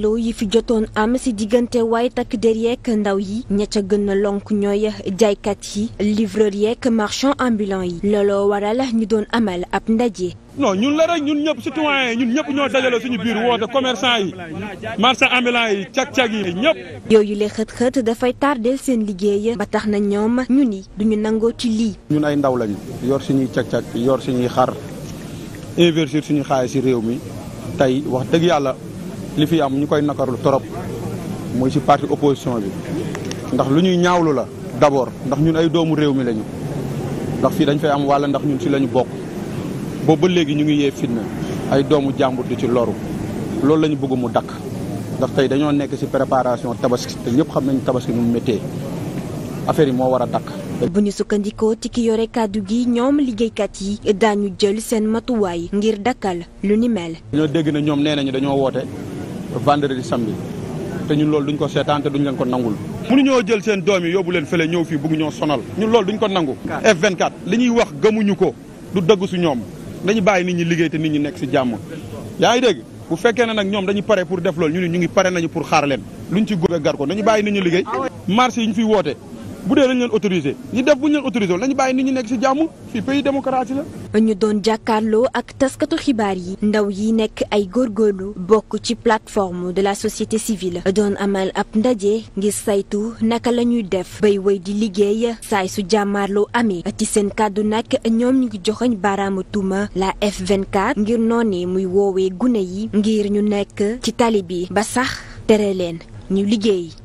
ñaawlu yi fi jotoon am ci diggante waaye takk der ndaw yi ña ca gën a lonk ñooy jaaykat yi livreur yeek marchand ambulant yi looloo waral ñu doon amal ab ndaje. non ñun la rek ñun ñëpp citoyen yi le xët-xët dafay tardeel seen liggéey ba tax na ñoom ñu ni duñu nangoo ci lii. ñun ay ndaw lañu yor suñuy cag-cag yor suñuy xar investir suñu xaalis ci réew mi tey wax dëgg yàlla. li fi am ñu koy nakarlu torop muy ci parti opposition bi ndax lu ñuy ñaawlu la d'abord ndax ñun ay doomu réew mi lañu ndax fii dañ fay am walla ndax ñun ci lañu bokk boobu ba léegi ñu ngi yee fitna ay doomu jàmbur di ci loru loolu la ñu bëgg mu dakk ndax tey dañoo nekk ci préparation tabaski te ñëpp xam nañu tabaski nu mu méttee affaire yi moo war a dakk. bu ñu sukkandikoo ci ki yore kàddu gi ñoom liggéeykat yi daañu jël seen matuwaay ngir dakkal lu ni mel. dañoo dégg na ñoom nee nañu dañoo woote. vendredi samedi te ñun lool duñ ko seetaan te duñ leen ko nangul. mënuñoo jël seen doom yi yóbbu leen fële ñëw fii bugg ñoo sonal ñun lool duñ ko nangu. F24 li ñuy wax gëmuñu ko du dëgg su ñoom dañu bàyyi ni ñi liggéey te ni ñi nekk si jàmm yaa ngi dégg. bu fekkee ne nag ñoom dañu pare pour def loolu ñu ne ñu ngi pare nañu pour xaar leen luñ ci góobee gar ko nañu bàyyi nit ñi liggéey marché yi ñu fi woote bu dee lañ leen autorisé ñu def bu ñu leen autorisé lañu bàyyi nit ñi nekk ci jàmm fii pays démocratie la. ñu doon jàkkaarloo ak taskatu xibaar yi. ndaw yi nekk ay góor góorlu bokk ci plateforme de la société civile. doon amal ab ndaje ngir saytu naka la ñuy def. bay wéy di liggéey saay su jàmmaarloo amee. ci seen kàddu nag ñoom ñu ngi joxoñ baaraamu tuuma la F24. ngir noonee muy woowee gune yi. ngir ñu nekk ci tali bi. ba sax tere leen ñu liggéey.